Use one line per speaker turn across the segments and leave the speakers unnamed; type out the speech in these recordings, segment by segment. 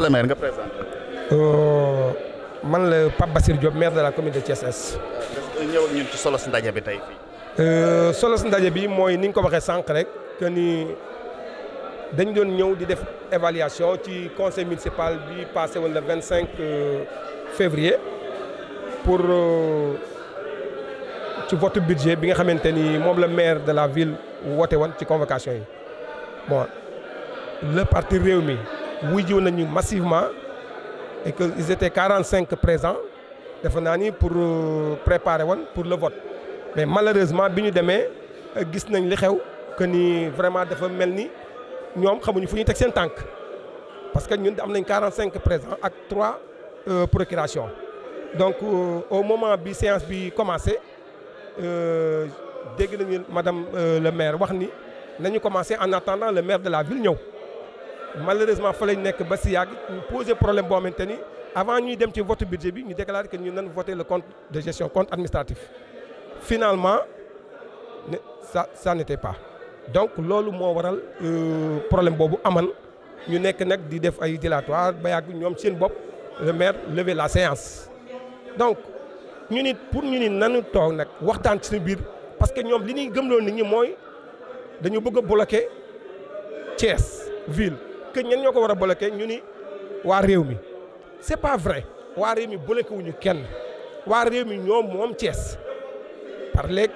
monsieur le maire nga
euh, man la Pape Bassir Diop maire de la commune de Thiès
Est. Euh, ñëw ak ci solos ndaje bi tey fii.
Euh, solos ndaje bi mooy ni nga ko waxee sànq rek que dañ doon ñëw di def évaluation ci conseil municipal bi passé woon le vingt cinq février pour ci vote budget bi nga xamante ni moom la maire de la ville woote woon ci convocation yi bon le parti réew mi. wuy jiw nañu massivement et que ils étaient quarante cinq présents defe naa ni pour euh, préparer woon pour le vote mais malheureusement bi ñu demee gis nañ li xew que ni vraiment dafa mel ni ñoom xamuñu fu ñu teg seen tànk parce que ñun am nañ quarante cinq présents ak trois euh, procurations donc euh, au moment bi séance bi commencé dégg nañu madame le maire wax ni nañu commencé en attendant le maire de la ville ñëw malheureusement fa lañ nekk ba si yàgg ñu posé problème boo xamante ni avant ñuy dem ci vote budget bi ñu déclaré que ñu nan voté le compte de gestion compte administratif finalement ne ça ça n'était pas donc loolu moo waral euh, problème boobu aman ñu nekk nag di def ay dilatoire ba yàgg ñoom seen bopp le maire lever la séance donc ñu nit pour ñu ni nanu toog nag waxtaan ci suñu biir parce que ñoom li ñuy gëmloo nit ñi mooy dañu bëgg a bloquer ville que ñen ñoo ko war a bloqué ñu ni waa réew mi c'est pas vrai waa réew mi bloqué wuñu kenn waa réew mi ñoom moom Thiès par les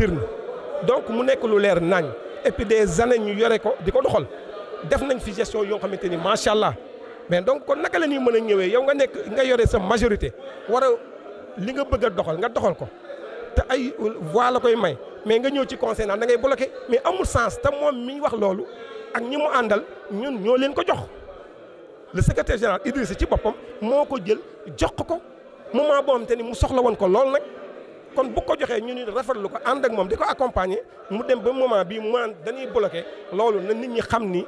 urnes donc mu nekk lu leer nañ et puis des années ñu yore ko di ko doxal def nañ fi gestion yoo xamante ni macha allah mais donc kon naka la ñuy mën a ñëwee yow nga nekk nga yore sa majorité war a li nga bëgg a doxal nga doxal ko te ay voix la koy may mais nga ñëw ci conseil naan da ngay bloqué mais amul sens te moom mi wax loolu. ak ñi mu àndal ñun ñoo leen ko jox le secrétaire général Idrissa ci boppam moo ko jël jox ko moment boo xam te ni mu soxla woon ko lool nag kon bu ko joxee ñu ni rafetlu ko ànd ak moom di ko accompagner mu dem ba moment bii mu dañuy bloqué loolu na nit ñi xam ni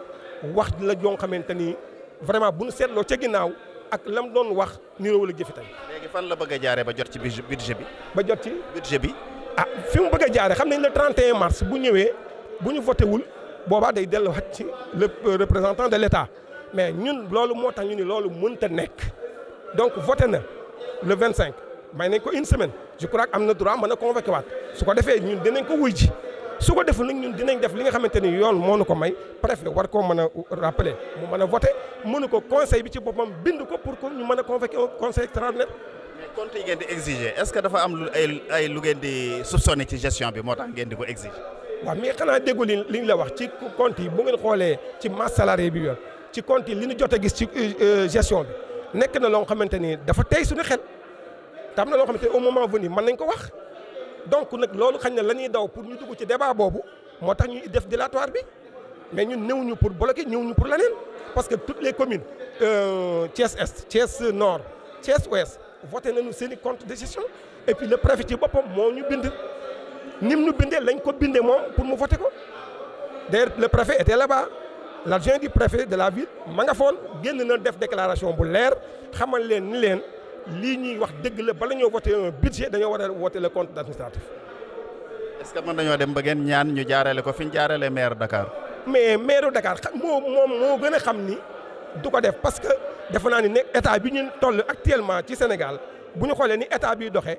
wax la joo xamante ni vraiment bu ñu seetloo ca ginnaaw ak lam doon wax niroo la jëfi tey.
léegi fan la bëgg a jaaree ba jot ci budget bi.
ba jot ci budget bi. ah fi mu bëgg a jaaree xam nañ le 31 mars bu ñëwee bu ñu voté wul boobaa day delluwaat ci le représentant de l'État mais ñun loolu moo tax ñu ni loolu mënta nekk donc voté na le 25 may nañ ko une semaine je crois am na droit mën a convoqué waat su ko defee ñun dinañ ko wuy ji su ko deful nag ñun dinañ def li nga xamante ni yoon moo nu ko may préfet war koo mën a rappeler mu mën a voté mënu ko conseil bi ci boppam bind ko pour que ñu mën a convoqué conseil extraordinaire. mais compte yi ngeen di exiger est-ce que dafa am lu ay ay lu ngeen ci gestion bi moo tax ngeen di ko exiger. waaw mais xanaa déggu li li ñu la wax ci compte yi bu ngeen xoolee ci masse salarié bi yor ci compte yi li ñu jot a gis ci euh, euh, gestion bi nekk na loo xamante ni dafa tey suñu xel te am na loo xamante ni au moment venu mën nañ ko wax donc nag loolu xañ na la ñuy daw pour ñu dugg ci débat boobu moo tax ñu def dilatoire bi mais ñun ñëwuñu pour bloquer ñu pour leneen parce que toutes les communes euh, Thiès Est Thiès Nord Thiès Ouest voté nañu seen i compte de gestion ci boppam moo ñu bind nim nu bindee lañ ko bindee moom pour mu voté ko d'ailleurs le préfet était la bas l'adjoint du préfet de la ville ma nga foon génn na def déclaration bu leer xamal leen ni leen lii ñuy wax dëgg la bala ñoo voté budget dañoo war a voté le compte administratif.
est-ce que mën nañoo dem ba ngeen ñaan ñu jaarale ko fi ñu jaarale maire Dakar.
mais maire Dakar xam moo moom moo gën a xam ni du ko def parce que defe naa ni ne état bi ñu toll actuellement ci Sénégal bu ñu xoolee ni état bi doxee.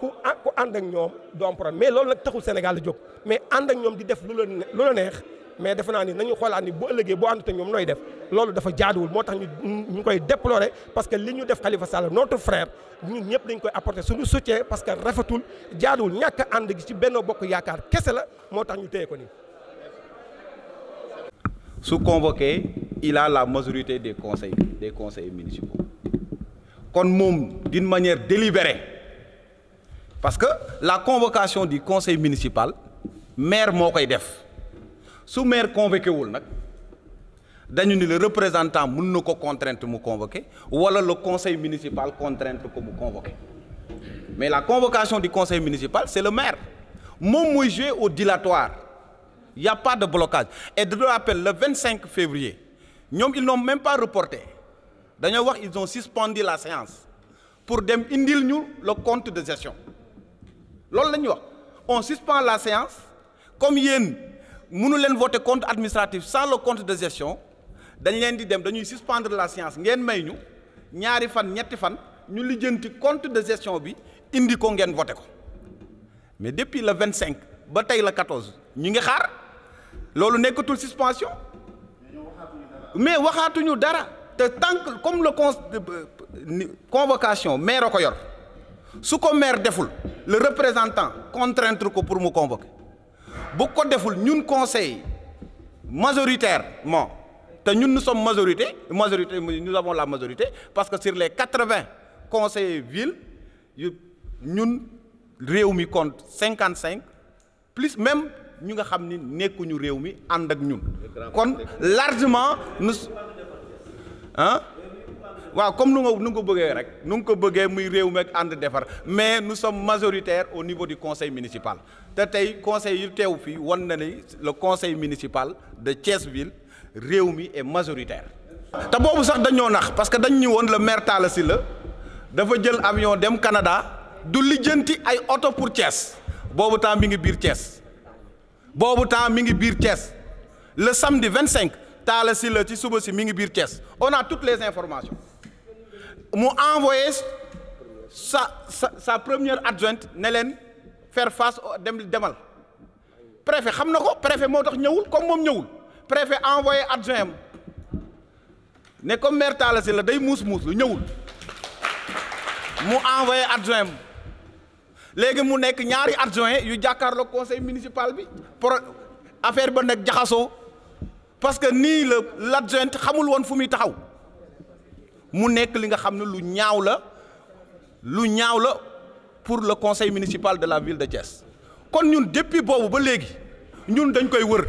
ku ku ànd ak ñoom du am mais loolu nag taxul Sénégal la jóg mais ànd ak ñoom di def lu la lu la neex mais defe naa ni nañu xoolaat ni bu ëllëgee boo àndut ak ñoom nooy def loolu dafa jaaduwul moo tax ñu ñu koy déplorer parce que li ñu def Khalifa Sall notre frère ñun ñëpp dañ koy apporter suñu soutien parce que rafetul jaaduwul ñàkk ànd gi ci benn Bokk Yaakaar kese la moo tax ñu téye ko nii.
su convoqué il a la majorité des conseils des conseils municipaux kon moom d'une manière parce que la convocation du conseil municipal maire moo koy def su maire convoqué wul nag dañu ni le représentant mun na ko contrainte mu convoqué wala le conseil municipal contrainte ko mu convoqué mais la convocation du conseil municipal c'est le maire moom mooy jouer au dilatoire il y a pas de blocage et de rappel le 25 février ñoom ils n'ont même pas reporté dañoo wax ils ont suspendu la séance pour dem indil ñu le compte de gestion loolu la ñuy wax on suspend la séance comme yéen mënu leen voter compte administratif sans le compte de gestion dañu leen di dem dañuy suspendre la séance ngeen may ñu ñaari fan ñetti fan ñu lijjanti compte de gestion bi indi ko ngeen voter ko mais depuis le cinq ba tey la 14 ñu ngi xaar loolu nekkatul suspension mais waxaatuñu dara te tant comme le con euh, convocation maire a ko yor su ko maire deful. le représentant contraindre ko pour mu convoquer bu ko deful ñun conseil majoritairement te ñun nu sommes majorité majorité nous avons la majorité parce que sur les quatre-vingts conseillers ville yu ñun réew mi compte cinquante-cinq plus même ñu nga xam ni nekkuñu réew mi ànd ak ñun kon largement nous ah waaw comme nu nga nu nga ko bëggee rek nu nga ko bëggee muy réew meeg ànd defar mais nu sommes majoritaires au niveau du conseil municipal te tey conseil yu teew fii wan na ni le conseil municipal de Thiès ville réew mi et majoritaire. te boobu sax dañoo nax parce que dañ ñu woon la maire Talla la dafa jël avion dem Canada du lijjanti ay oto pour Thiès boobu temps mi ngi biir Thiès boobu temps mi ngi biir Thiès le samedi 25 Talla Sylla ci suba si mi ngi biir Thiès on a toutes les informations. mu envoyé sa sa sa première adjointe ne leen faire face dem demal préfet xam na ko préfet moo tax ñëwul comme moom ñëwul préfet envoyé adjoint am ne comme maire Talla la day muus muus lu ñëwul mu envoyé adjoint am léegi mu nekk ñaari adjoint yu jàkkaarloo conseil municipal bi pour affaire ba nag jaxasoo parce que nii la l'adjoint xamul woon fu muy taxaw mu nekk li nga xam ne lu ñaaw la lu ñaaw la pour le conseil municipal de la ville de Thiès kon ñun depuis boobu ba léegi ñun dañ koy wër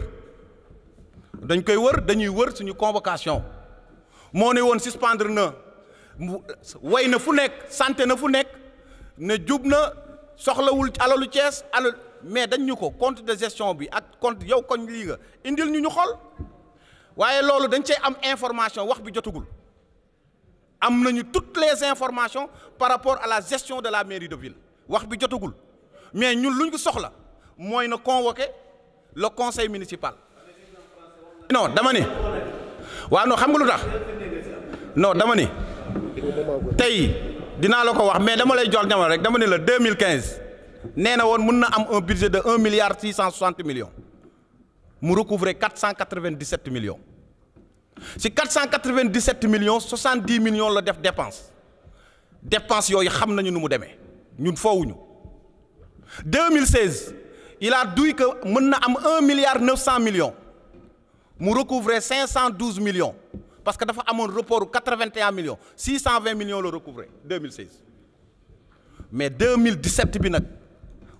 dañ koy wër dañuy wër suñu convocation moo ne woon suspendre na way na fu nekk santé na fu nekk ne jub na soxlawul alalu Thiès alal mais dañ ñu ko compte de gestion bi ak compte yow koñ lii indil ñu ñu xol waaye loolu dañ cey am information wax bi jotagul am nañu toutes les informations par rapport à la gestion de la mairie de ville wax bi jotagul mais ñun lu ñu ko soxla mooy na convoquer la conseil municipal. non dama ni waaw non xam nga lu tax non dama ni tey dinaa la ko wax mais dama lay jox ñamal rek dama ne la 2015 nee na woon mun na am un budget de 1 milliard 660 millions mu recouvrer 497 millions. ci 497 millions 70 millions la def dépense dépense yooyu xam nañu ni mu demee ñun foowuñu 2016 il a dit que mën na am 1 milliard 900 millions mu recouvrer 512 millions parce que dafa amoon report 81 millions 620 millions la recouvrer 2016 mais 2017 bi nag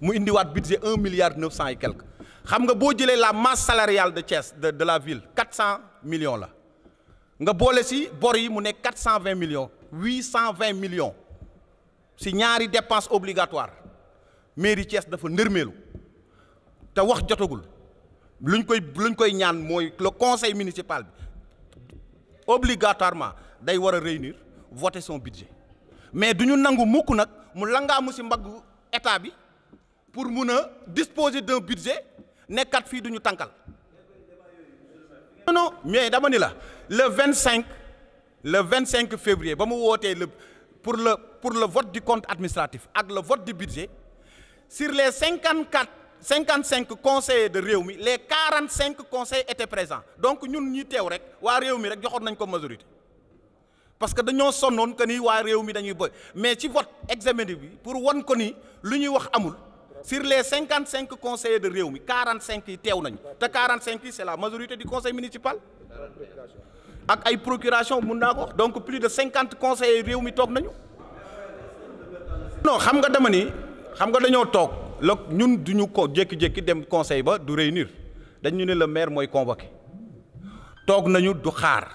mu indiwaat budget 1 milliard 900 et quelque xam nga boo jëlee la masse salariale de Thiès de de la ville 400 millions la. nga boole si bor yi mu nekk quatre cent vingt millions huit cent vingt millions si ñaari dépense obligatoire mairie Thiès dafa ndërmeelu te wax jotagul luñ koy luñ koy ñaan mooy le conseil municipal bi obligatoirement day war a réunir voter son budget mais du ñu nangu mukk nag mu langaamu si mbagg état bi pour mun a disposer d'un budget nekkat fii du ñu tànkal non mais dama ni la le vingt cinq le vingt cinq février ba mu wootee le pour le pour le vote du compte administratif ak le vote du budget sur les cinquante quatre cinquante cinq conseillers de réew mi les quarante cinq conseil étaient présents donc ñun ñi teew rek waa réew mi rek joxoon nañ ko majorité parce que dañoo sonnoon que nii waa réew mi dañuy boy mais ci vote examen bi pour wan ko nii lu ñuy wax amul. sur les cinquante cinq conseillers de réew mi quarante cinq yi teew nañu te quarante cinq yi c'est la majorité du conseil municipal ak ay procuration mun naa ko donc plus de cinquante conseillers réew mi toog nañu non xam nga dama ni xam nga dañoo toog la ñun du ñu ko jékki-jékki dem conseil ba du rey réunir dañu ne le maire mooy convoqué toog nañu du xaar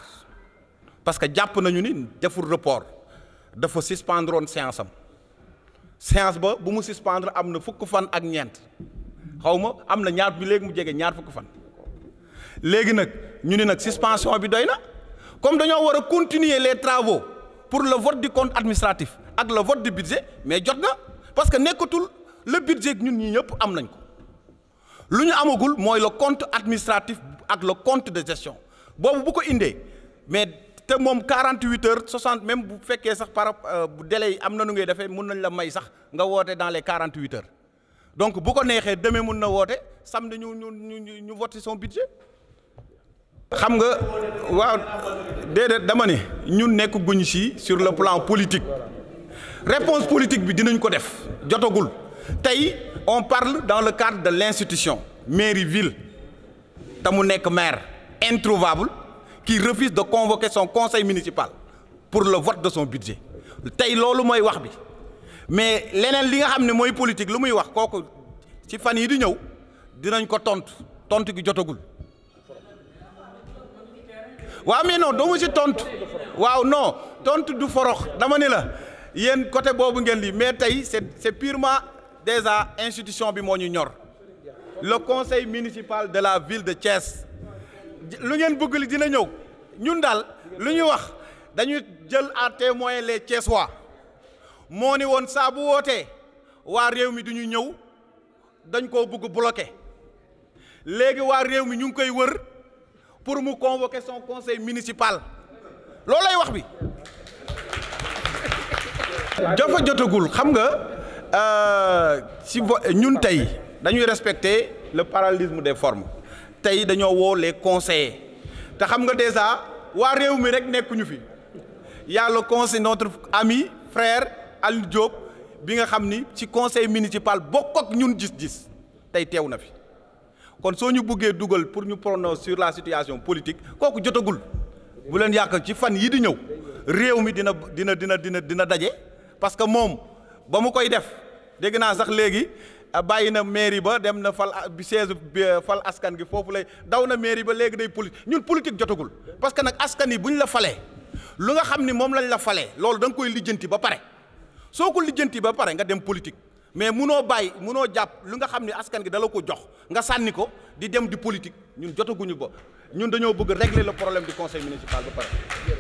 parce que jàpp nañu ni deful report dafa suspendroon séance am séance ba bu mu suspendre am na fukk fan ak ñeent xaw ma am na ñaar bi léegi mu jege ñaar fukk fan léegi nag ñu ne nag suspension bi doy na comme dañoo war a continuer les travaux pour le vote du compte administratif ak le vote du budget mais jot na parce que nekkatul le budget ñun ñi ñëpp am nañ ko lu ñu amagul mooy le compte administratif ak le compte de gestion boobu bu ko indee mais te moom 48 heures 60 même bu fekkee sax par euh, bu délai am na nu ngay defee mun nañ la may sax nga woote dans les 48 heures donc bu ko neexee demee mun na woote samedi ñu ñu ñu ñu voter son budget. xam nga waaw déedéet dama ne ñun nekk guñ si sur le plan politique réponse politique bi dinañ ko def jotagul tey on parle dans le cadre de l'institution mairie ville te mu nekk maire introuvable. qui refuse de convoquer son conseil municipal pour le vote de son budget tey loolu mooy wax bi mais leneen li nga xam ne mooy politique lu muy wax kooku ci fan yi di ñëw dinañ ko tontu tontu gi jotagul waaw mais non doomu ci tontu waaw non tontu du forox dama ne la yéen côté boobu ngeen lii mais tey c'est c'est purement déjà institution bi moo ñu ñor le conseil municipal de la ville de Thiès lu ngeen bëgg li dina ñëw ñun daal lu ñuy wax dañuy jël à témoin les Thiessois moo ni woon saa wootee waa réew mi du ñëw dañ koo bugg bloqué léegi waa réew mi ñu ngi koy wër pour mu convoquer son conseil municipal loolay wax bi. jafa jotagul xam nga euh, si ñun tey dañuy respecter le parallélisme des formes. tey dañoo woolee conseiller te xam nga déjà waa réew mi rek nekkuñu fi yàlla le conseil notre ami frère Aliou Diop bi nga xam ni ci conseil municipal bokk ak ñun gis-gis tey teew na fi kon soo ñu buggee dugal pour ñu prononcer sur la situation politique kooku jotagul bu leen yàq ci fan yi di ñëw réew mi dina dina dina dina dina daje parce que moom ba mu koy def dégg naa sax léegi. bàyyi na mairie ba dem na fal siège euh, fal askan gi foofu lay daw na mairie ba léegi day politique ñun politique jotagul parce que nag askan yi bu ñu la falee lu nga xam ni moom lañ la falee loolu da koy lijjanti ba pare soo ko lijjanti ba pare nga dem politique mais munoo bàyyi munoo jàpp lu nga xam ni askan gi dala ko jox nga sànni ko di dem di politique ñun jotaguñu ba ñun dañoo bëgg régler le problème di conseil municipal ba pare